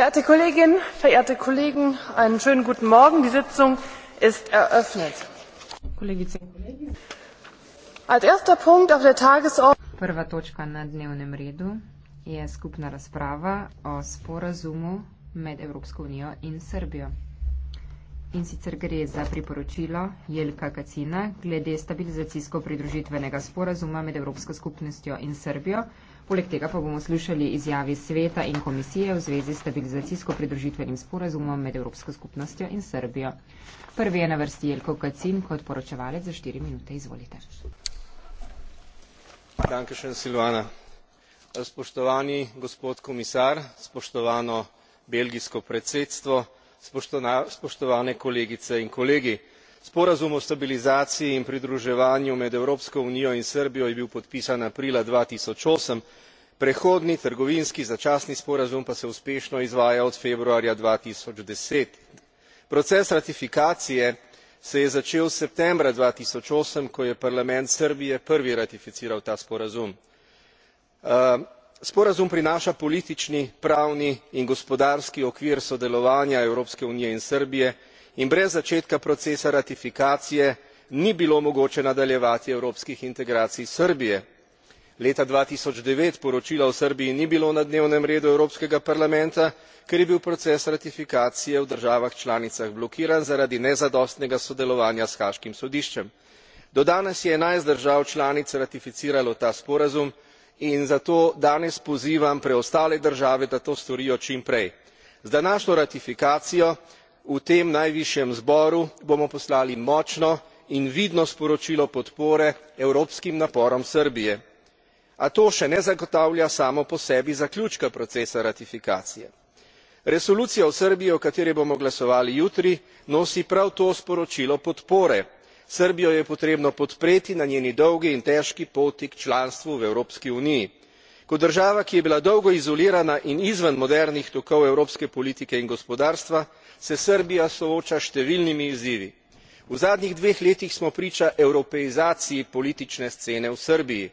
Verehrte Kolleginnen, verehrte Kollegen, einen schönen guten Morgen. Die Sitzung ist eröffnet. Als erster Punkt auf der Tagesordnung je skupna razprava o sporazumu med Evropsko unijo in Srbijo. In sicer gre za priporočilo Jelka Kacina glede stabilizacijsko pridružitvenega sporazuma med Evropsko skupnostjo in Srbijo, Poleg tega pa bomo slišali izjavi sveta in komisije v zvezi s stabilizacijsko pridružitvenim sporazumom med Evropsko skupnostjo in Srbijo. Prvi je na vrsti Jelko Kacin kot poročevalec za 4 minute. Izvolite. Danke še, Silvana. Spoštovani gospod komisar, spoštovano belgijsko predsedstvo, spoštovane kolegice in kolegi sporazum o stabilizaciji in pridruževanju med evropsko unijo in srbijo je bil podpisan aprila dva tisoč osem prehodni trgovinski začasni sporazum pa se uspešno izvaja od februarja dva tisoč deset proces ratifikacije se je začel septembra dva tisoč osem ko je parlament srbije prvi ratificiral ta sporazum eh, sporazum prinaša politični pravni in gospodarski okvir sodelovanja evropske unije in srbije in brez začetka procesa ratifikacije ni bilo mogoče nadaljevati evropskih integracij srbije. leta dva tisoč devet poročila o srbiji ni bilo na dnevnem redu evropskega parlamenta ker je bil proces ratifikacije v državah članicah blokiran zaradi nezadostnega sodelovanja s haaškim sodiščem. do danes je enajst držav članic ratificiralo ta sporazum in zato danes pozivam preostale države da to storijo čim prej. z današnjo ratifikacijo v tem najvišjem zboru bomo poslali močno in vidno sporočilo podpore evropskim naporom srbije a to še ne zagotavlja samo po sebi zaključka procesa ratifikacije. resolucija o srbiji o kateri bomo glasovali jutri nosi prav to sporočilo podpore srbijo je potrebno podpreti na njeni dolgi in težki poti k članstvu v evropski uniji. kot država ki je bila dolgo izolirana in izven modernih tokov evropske politike in gospodarstva se srbija sooča s številnimi izzivi. v zadnjih dveh letih smo priča evropeizaciji politične scene v srbiji.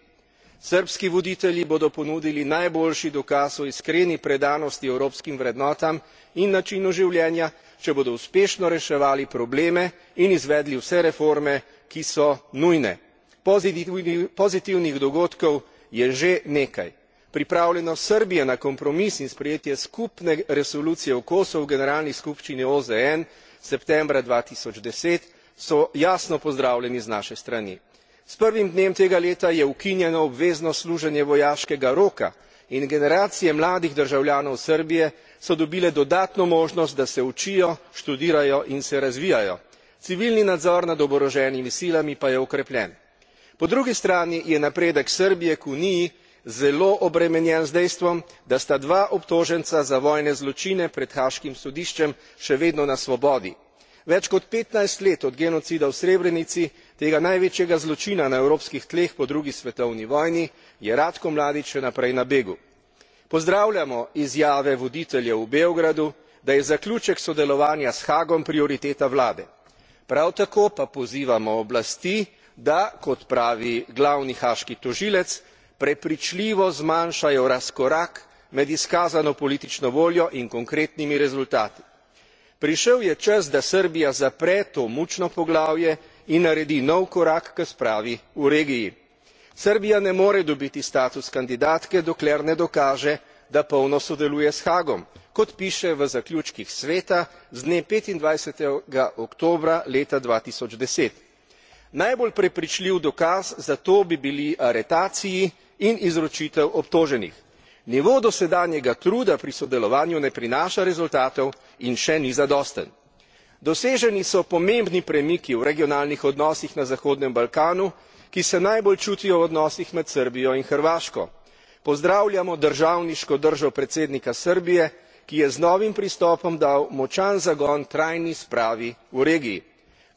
srbski voditelji bodo ponudili najboljši dokaz o iskreni predanosti evropskim vrednotam in načinu življenja če bodo uspešno reševali probleme in izvedli vse reforme ki so nujne. pozitivnih dogodkov je že nekaj pripravljenost srbije na kompromis in sprejetje skupne resolucije o kosovu v generalni skupščini ozn septembra dva tisoč deset so jasno pozdravljeni z naše strani. s prvim dnem tega leta je ukinjeno obvezno služenje vojaškega roka in generacije mladih državljanov srbije so dobile dodatno možnost da se učijo študirajo in se razvijajo civilni nadzor nad oboroženimi silami pa je okrepljen. po drugi strani je napredek srbije k uniji zelo obremenjen z dejstvom da sta dva obtoženca za vojne zločine pred haaškim sodiščem še vedno na svobodi. več kot petnajst let od genocida v srebrenici tega največjega zločina na evropskih tleh po drugi svetovni vojni je ratko mladi še naprej na begu. pozdravljamo izjave voditeljev v beogradu da je zaključek sodelovanja s haagom prioriteta vlade. prav tako pa pozivamo oblasti da kot pravi glavni haaški tožilec prepričljivo zmanjšajo razkorak med izkazano politično voljo in konkretnimi rezultati. prišel je čas da srbija zapre to mučno poglavje in naredi nov korak k spravi v regiji. srbija ne more dobiti status kandidatke dokler ne dokaže da polno sodeluje s haagom kot piše v zaključkih sveta z dne petindvajset oktobra leta. dva tisoč deset najbolj prepričljiv dokaz za to bi bili aretaciji in izročitev obtoženih. nivo dosedanjega truda pri sodelovanju ne prinaša rezultatov in še ni zadosten. doseženi so pomembni premiki v regionalnih odnosih na zahodnem balkanu ki se najbolj čutijo v odnosih med srbijo in hrvaško. pozdravljamo državniško držo predsednika srbije ki je z novim pristopom dal močan zagon trajni spravi v regiji.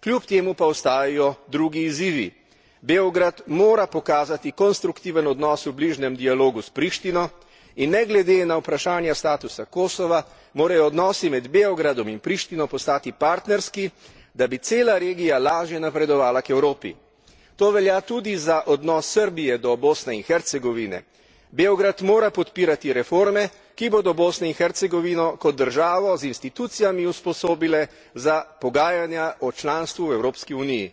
kljub temu pa ostajajo drugi izzivi beograd mora pokazati konstruktiven odnos v bližnjem dialogu s prištino in ne glede na vprašanja statusa kosova morajo odnosi med beogradom in prištino postati partnerski da bi cela regija lažje napredovala k evropi. to velja tudi za odnos srbije do bosne in hercegovine. beograd mora podpirati reforme ki bodo bosno in hercegovino kot državo z institucijami usposobile za pogajanja o članstvu v evropski uniji.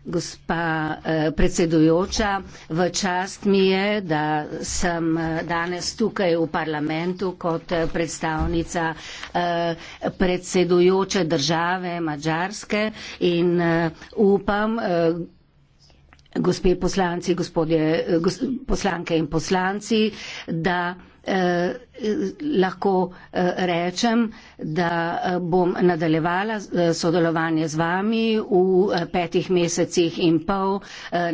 Gospa eh, predsedujoča, v čast mi je, da sem eh, danes tukaj v parlamentu kot eh, predstavnica eh, predsedujoče države Mačarske in eh, upam. Eh, Gospe poslanci, gospodje, eh, gos, poslanke in poslanci, da Eh, lahko eh, rečem, da eh, bom nadaljevala sodelovanje z vami v petih mesecih in pol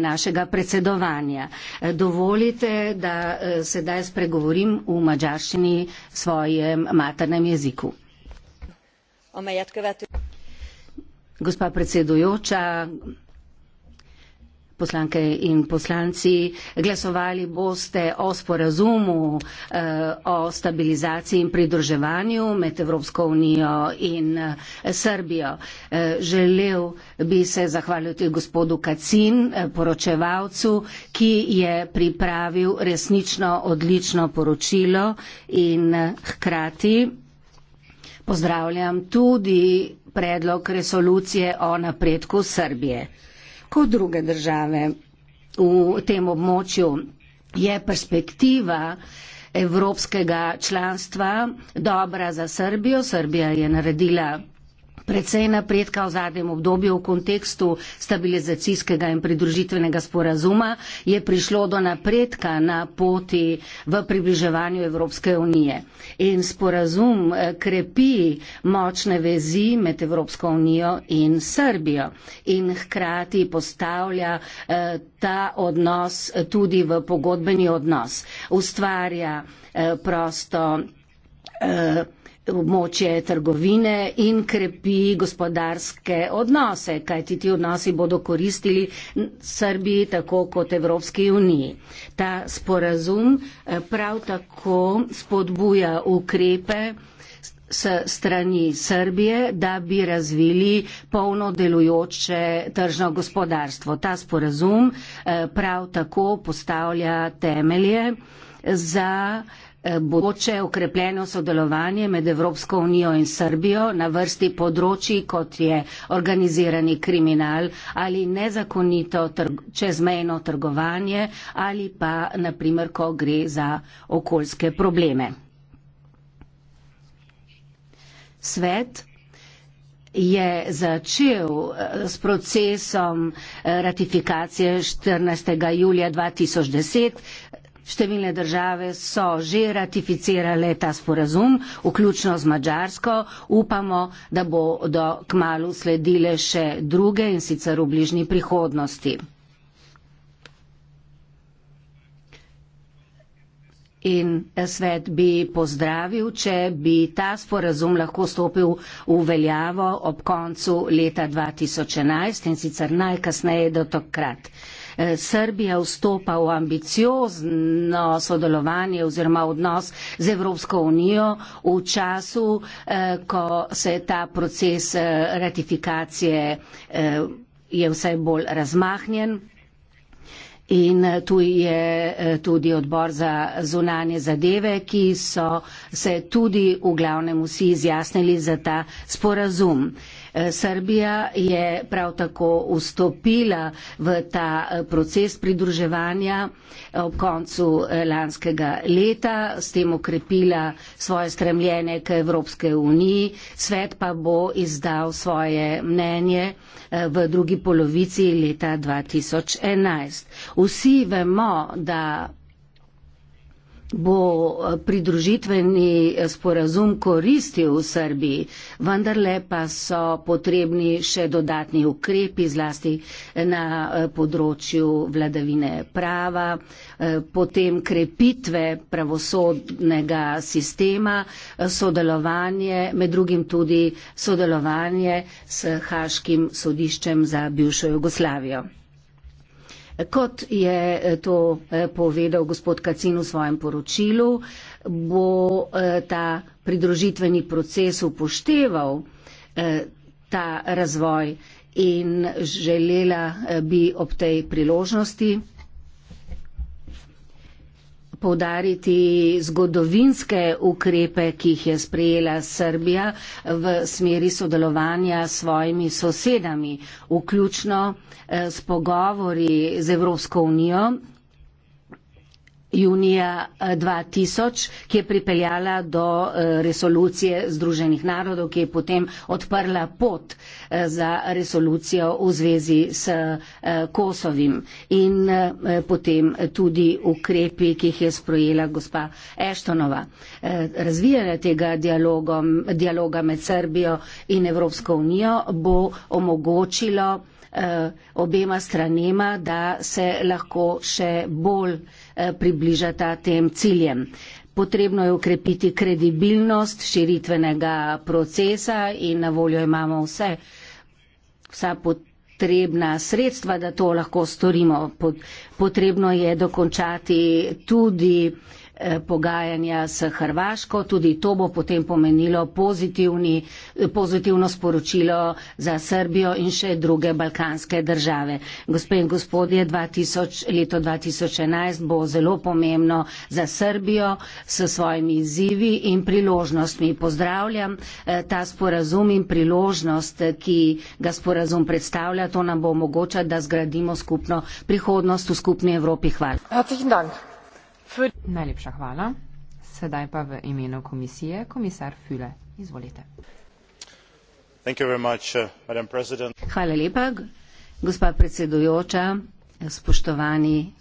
našega predsedovanja. Dovolite, da sedaj spregovorim v mađarščini svojem maternem jeziku. Gospa predsedujoča, poslanke in poslanci, glasovali boste o sporazumu eh, o stabilizaciji in pridruževanju med Evropsko unijo in eh, Srbijo. Eh, želel bi se zahvaliti gospodu Kacin, poročevalcu, ki je pripravil resnično odlično poročilo in hkrati pozdravljam tudi predlog resolucije o napredku Srbije kot druge države v tem območju. Je perspektiva evropskega članstva dobra za Srbijo. Srbija je naredila precej napredka v zadnjem obdobju v kontekstu stabilizacijskega in pridružitvenega sporazuma, je prišlo do napredka na poti v približevanju Evropske unije. In sporazum eh, krepi močne vezi med Evropsko unijo in Srbijo in hkrati postavlja eh, ta odnos tudi v pogodbeni odnos. Ustvarja eh, prosto območje trgovine in krepi gospodarske odnose, kajti ti odnosi bodo koristili Srbiji tako kot Evropski uniji. Ta sporazum eh, prav tako spodbuja ukrepe s strani Srbije, da bi razvili polno delujoče tržno gospodarstvo. Ta sporazum eh, prav tako postavlja temelje za Eh, bodoče okrepljeno sodelovanje med Evropsko unijo in Srbijo na vrsti področji, kot je organizirani kriminal ali nezakonito trg čezmejno trgovanje ali pa, naprimer, ko gre za okoljske probleme. Svet je začel eh, s procesom eh, ratifikacije 14. julija 2010, Številne države so že ratificirale ta sporazum, vključno z Mačarsko. Upamo, da bo do kmalu sledile še druge in sicer v bližnji prihodnosti. In svet bi pozdravil, če bi ta sporazum lahko stopil v veljavo ob koncu leta 2011 in sicer najkasneje do takrat. Srbija vstopa v ambiciozno sodelovanje oziroma odnos z Evropsko unijo v času, eh, ko se je ta proces eh, ratifikacije eh, je vse bolj razmahnjen. In tu je tudi odbor za zunanje zadeve, ki so se tudi v glavnem vsi izjasnili za ta sporazum. Srbija je prav tako vstopila v ta eh, proces pridruževanja ob koncu eh, lanskega leta, s tem okrepila svoje stremljenje k Evropske uniji. Svet pa bo izdal svoje mnenje eh, v drugi polovici leta 2011. Vsi vemo, da bo eh, pridružitveni eh, sporazum koristil v Srbiji, vendarle pa so potrebni še dodatni ukrepi zlasti eh, na področju vladavine prava, potem krepitve pravosodnega sistema, sodelovanje, med drugim tudi sodelovanje s Haškim sodiščem za bivšo Jugoslavijo. Kot je eh, to eh, povedal gospod Kacin v svojem poročilu, bo eh, ta pridružitveni proces upošteval ta razvoj in želela bi ob tej priložnosti poudariti zgodovinske ukrepe, ki jih je sprejela Srbija v smeri sodelovanja s svojimi sosedami, vključno eh, s pogovori z Evropsko unijo junija 2000, eh, ki je pripeljala do eh, resolucije Združenih narodov, ki je potem odprla pot eh, za resolucijo v zvezi s Kosovim in potem tudi ukrepi, ki jih je sprojela gospa Eštonova. Razvijanje tega dialogom, dialoga med Srbijo in Evropsko unijo bo omogočilo obema stranema, da se lahko še bolj Eh, približata tem ciljem. Potrebno je ukrepiti kredibilnost širitvenega procesa in na voljo imamo vse, vsa potrebna sredstva, da to lahko storimo. Potrebno je dokončati tudi uh, Eh, pogajanja s Hrvaško. Tudi to bo potem pomenilo pozitivno sporočilo za Srbijo in še druge balkanske države. Gospe in gospodje, 2000, leto 2011 bo zelo pomembno za Srbijo s svojimi izzivi in priložnostmi. Pozdravljam eh, ta sporazum in priložnost, eh, ki ga sporazum predstavlja. To nam bo omogočati, da zgradimo skupno prihodnost v skupni Evropi. Hvala. Herzlichen ja, Dank. Für Najlepša hvala. Sedaj pa v imenu komisije komisar Füle. Izvolite. Thank you very much, uh, madam president. Hvala lepa, gospa predsedujoča, spoštovani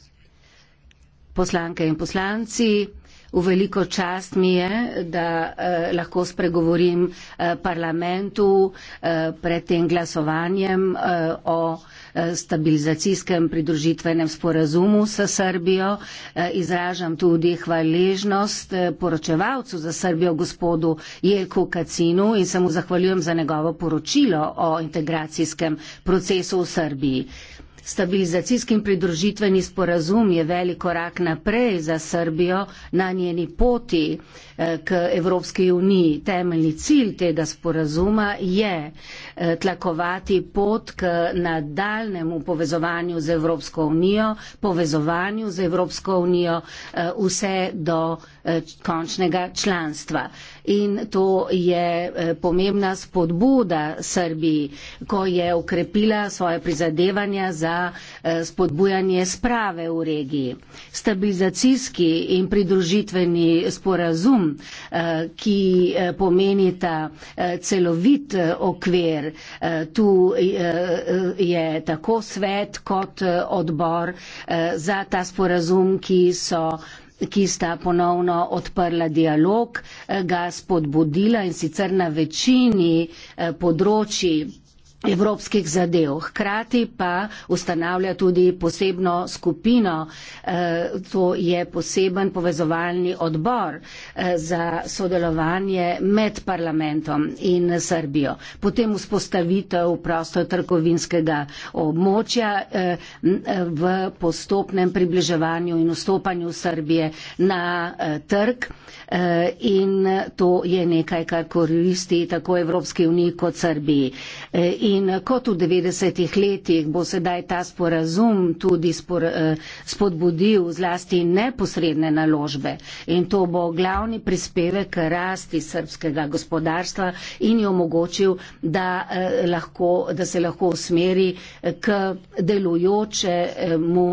poslanke in poslanci. V veliko čast mi je, da eh, lahko spregovorim eh, parlamentu eh, pred tem glasovanjem eh, o stabilizacijskem pridružitvenem sporazumu s Srbijo. Eh, izražam tudi hvaležnost eh, poročevalcu za Srbijo, gospodu Jelku Kacinu in se mu zahvaljujem za njegovo poročilo o integracijskem procesu v Srbiji. Stabilizacijski pridružitveni sporazum je velik korak naprej za Srbijo na njeni poti eh, k Evropski uniji. Temeljni cilj tega sporazuma je tlakovati pot k nadaljnjemu nadaljnemu povezovanju z Evropsko unijo, povezovanju z Evropsko unijo eh, vse do Eh, končnega članstva. In to je eh, pomembna spodbuda Srbiji, ko je ukrepila svoje prizadevanja za eh, spodbujanje sprave v regiji. Stabilizacijski in pridružitveni sporazum, ki pomenita celovit okvir, tu je tako svet kot odbor za ta sporazum, ki so ki sta ponovno odprla dialog, eh, ga spodbudila in sicer na večini eh, področji evropskih zadev. Hkrati pa ustanavlja tudi posebno skupino, eh, to je poseben povezovalni odbor eh, za sodelovanje med parlamentom in Srbijo. Potem vzpostavitev prostotrgovinskega območja eh, v postopnem približevanju in vstopanju Srbije na trg in to je nekaj, kar koristi tako Evropski uniji kot Srbiji. In In eh, kot v 90-ih letih bo sedaj ta sporazum tudi spor, eh, spodbudil zlasti neposredne naložbe in to bo glavni prispevek k rasti srpskega gospodarstva in jo omogočil, da, eh, lahko, da se lahko usmeri k delujočemu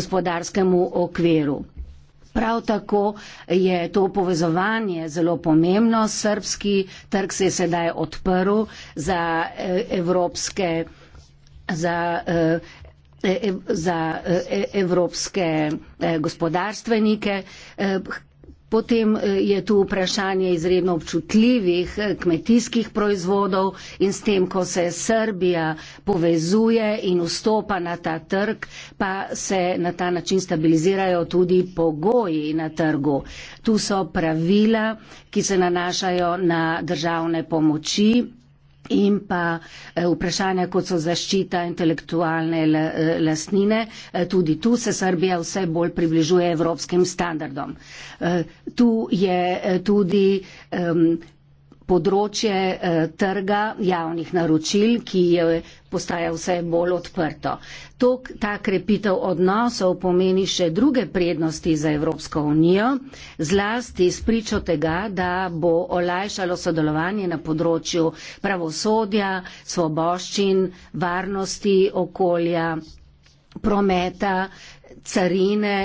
gospodarskemu okviru. Prav tako je to povezovanje zelo pomembno. Srbski trg se je sedaj odprl za eh, evropske. Za, eh, e, za eh, e, evropske gospodarstvenike. Potem eh, je tu vprašanje izredno občutljivih eh, kmetijskih proizvodov in s tem, ko se Srbija povezuje in vstopa na ta trg, pa se na ta način stabilizirajo tudi pogoji na trgu. Tu so pravila, ki se nanašajo na državne pomoči in pa eh, vprašanja, kot so zaščita intelektualne eh, lastnine. Eh, tudi tu se Srbija vse bolj približuje evropskim standardom. Tu je tudi področje eh, trga javnih naročil, ki je postaja vse bolj odprto. To, ta krepitev odnosov pomeni še druge prednosti za Evropsko unijo, zlasti spričo tega, da bo olajšalo sodelovanje na področju pravosodja, svoboščin, varnosti, okolja, prometa, carine,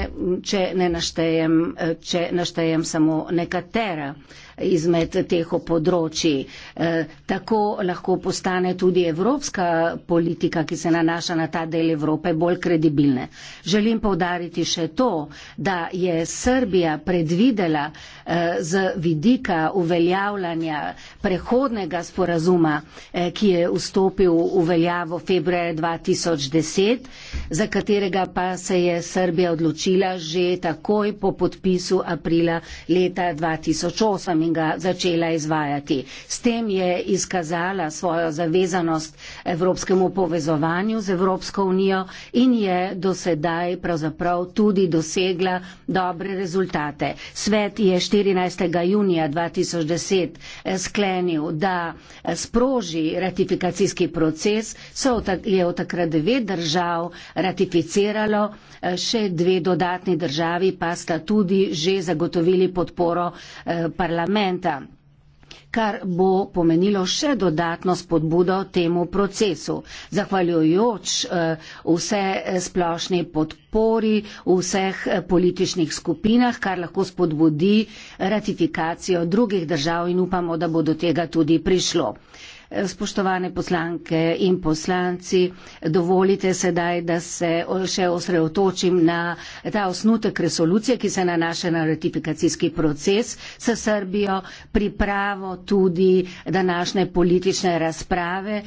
če ne naštejem, eh, če naštejem samo nekatera izmed teh področji. Eh, tako lahko postane tudi evropska politika, ki se nanaša na ta del Evrope, bolj kredibilne. Želim povdariti še to, da je Srbija predvidela eh, z vidika uveljavljanja prehodnega sporazuma, eh, ki je vstopil v veljavo februar 2010, za katerega pa se je Srbija odločila že takoj po podpisu aprila leta 2008. Groninga začela izvajati. S tem je izkazala svojo zavezanost evropskemu povezovanju z Evropsko unijo in je dosedaj pravzaprav tudi dosegla dobre rezultate. Svet je 14. junija 2010 eh, sklenil, da eh, sproži ratifikacijski proces, so je od takrat devet držav ratificiralo, eh, še dve dodatni državi pa sta tudi že zagotovili podporo parlamentu parlamenta kar bo pomenilo še dodatno spodbudo temu procesu, zahvaljujoč eh, vse splošni podpori v vseh eh, političnih skupinah, kar lahko spodbudi ratifikacijo drugih držav in upamo, da bo do tega tudi prišlo. Spoštovane poslanke in poslanci, dovolite sedaj, da se še osredotočim na ta osnutek resolucije, ki se nanaša na ratifikacijski proces s Srbijo, pripravo tudi današnje politične razprave,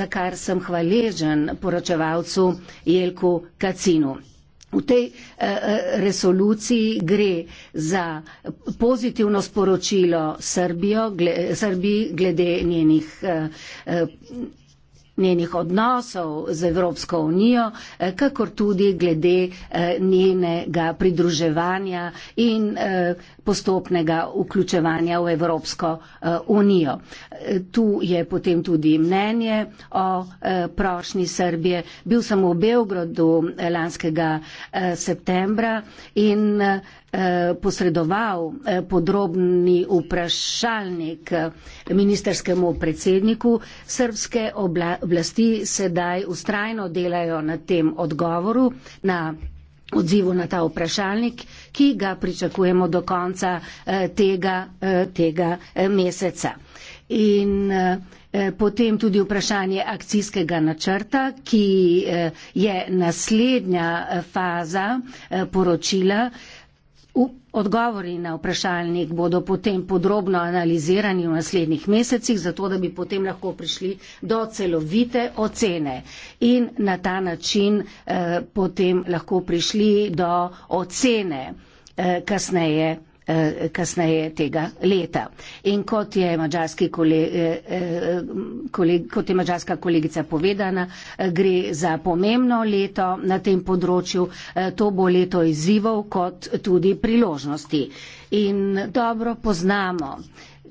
za kar sem hvaležen poročevalcu Jelku Kacinu. V tej eh, eh, resoluciji gre za pozitivno sporočilo Srbijo, gle, Srbiji glede njenih eh, njenih odnosov z Evropsko unijo, eh, kakor tudi glede eh, njenega pridruževanja in eh, postopnega vključevanja v Evropsko unijo. Tu je potem tudi mnenje o prošnji Srbije. Bil sem v Beogradu lanskega septembra in Eh, posredoval eh, podrobni vprašalnik eh, ministerskemu predsedniku. Srbske oblasti sedaj ustrajno delajo na tem odgovoru, na odzivu na ta vprašalnik, ki ga pričakujemo do konca tega, tega meseca. In potem tudi vprašanje akcijskega načrta, ki je naslednja faza poročila, Odgovori na vprašalnik bodo potem podrobno analizirani v naslednjih mesecih, zato da bi potem lahko prišli do celovite ocene in na ta način eh, potem lahko prišli do ocene eh, kasneje Eh, kasneje tega leta. In kot je, koleg, koleg, eh, eh, kot je mađarska kolegica povedana, gre za pomembno leto na tem področju. To bo leto izzivov kot tudi priložnosti. In dobro poznamo,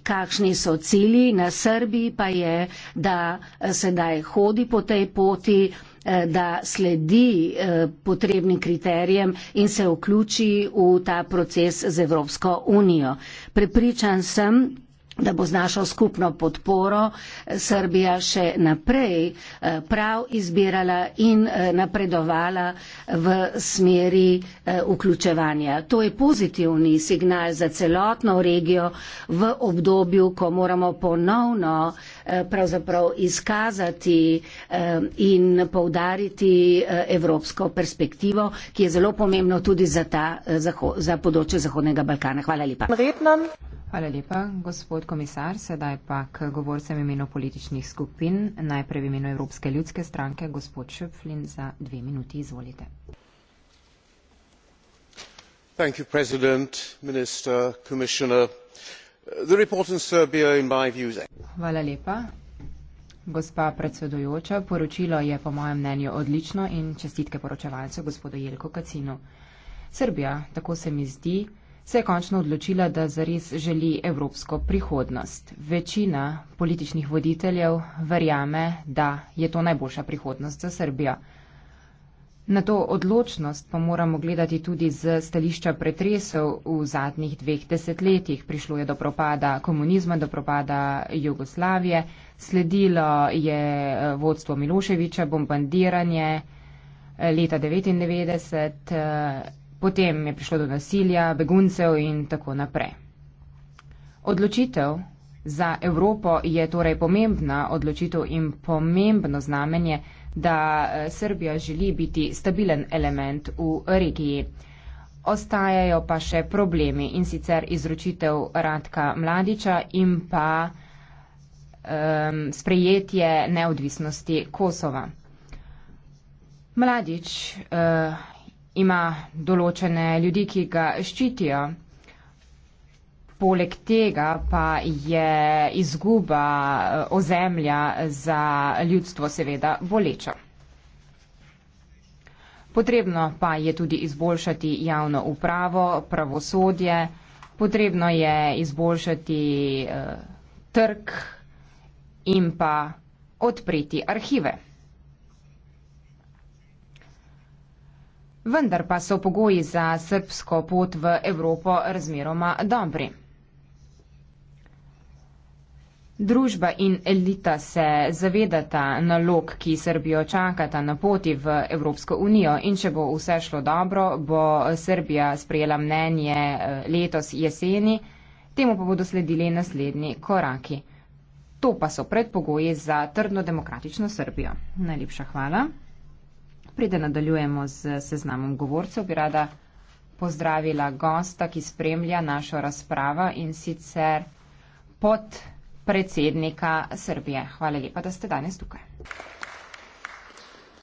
kakšni so cilji na Srbiji, pa je, da sedaj hodi po tej poti. Eh, da sledi eh, potrebnim kriterijem in se vključi v ta proces z Evropsko unijo. Prepričan sem, da bo z našo skupno podporo eh, Srbija še naprej prav izbirala in napredovala v smeri vključevanja. To je pozitivni signal za celotno regijo v obdobju, ko moramo ponovno Eh, pravzaprav izkazati eh, in povdariti eh, evropsko perspektivo, ki je zelo pomembno tudi za, ta, za področje Zahodnega Balkana. Hvala lepa. Hvala lepa, gospod komisar. Sedaj pa k govorcem imenu političnih skupin. Najprej v imenu Evropske ljudske stranke, gospod Šeflin, za dve minuti izvolite. Thank you, President, Minister, Commissioner, the report on serbia in my views Hvala lepa. Gospa predsedujoča, poročilo je po mojem mnenju odlično in čestitke poročevalcu gospodu Jelko Kacinu. Srbija, tako se mi zdi, se je končno odločila, da zares želi evropsko prihodnost. Večina političnih voditeljev verjame, da je to najboljša prihodnost za Srbijo. Na to odločnost pa moramo gledati tudi z stališča pretresov v zadnjih dveh desetletjih. Prišlo je do propada komunizma, do propada Jugoslavije, sledilo je eh, vodstvo Miloševiča, bombardiranje eh, leta 1999, eh, potem je prišlo do nasilja, beguncev in tako naprej. Odločitev za Evropo je torej pomembna odločitev in pomembno znamenje, da e, Srbija želi biti stabilen element v regiji. Ostajajo pa še problemi in sicer izročitev Radka Mladiča in pa um, sprejetje neodvisnosti Kosova. Mladič uh, e, ima določene ljudi, ki ga ščitijo. Poleg tega pa je izguba eh, ozemlja za ljudstvo seveda boleča. Potrebno pa je tudi izboljšati javno upravo, pravosodje, potrebno je izboljšati eh, trg in pa odpreti arhive. Vendar pa so pogoji za srpsko pot v Evropo razmeroma dobri. Družba in elita se zavedata nalog, ki Srbijo čakata na poti v Evropsko unijo in če bo vse šlo dobro, bo Srbija sprejela mnenje eh, letos jeseni, temu pa bodo sledili naslednji koraki. To pa so predpogoji za trdno demokratično Srbijo. Najlepša hvala. Preden nadaljujemo z seznamom govorcev, bi rada pozdravila gosta, ki spremlja našo razpravo in sicer pod predsednika Srbije. Hvala lepa, da ste danes tukaj.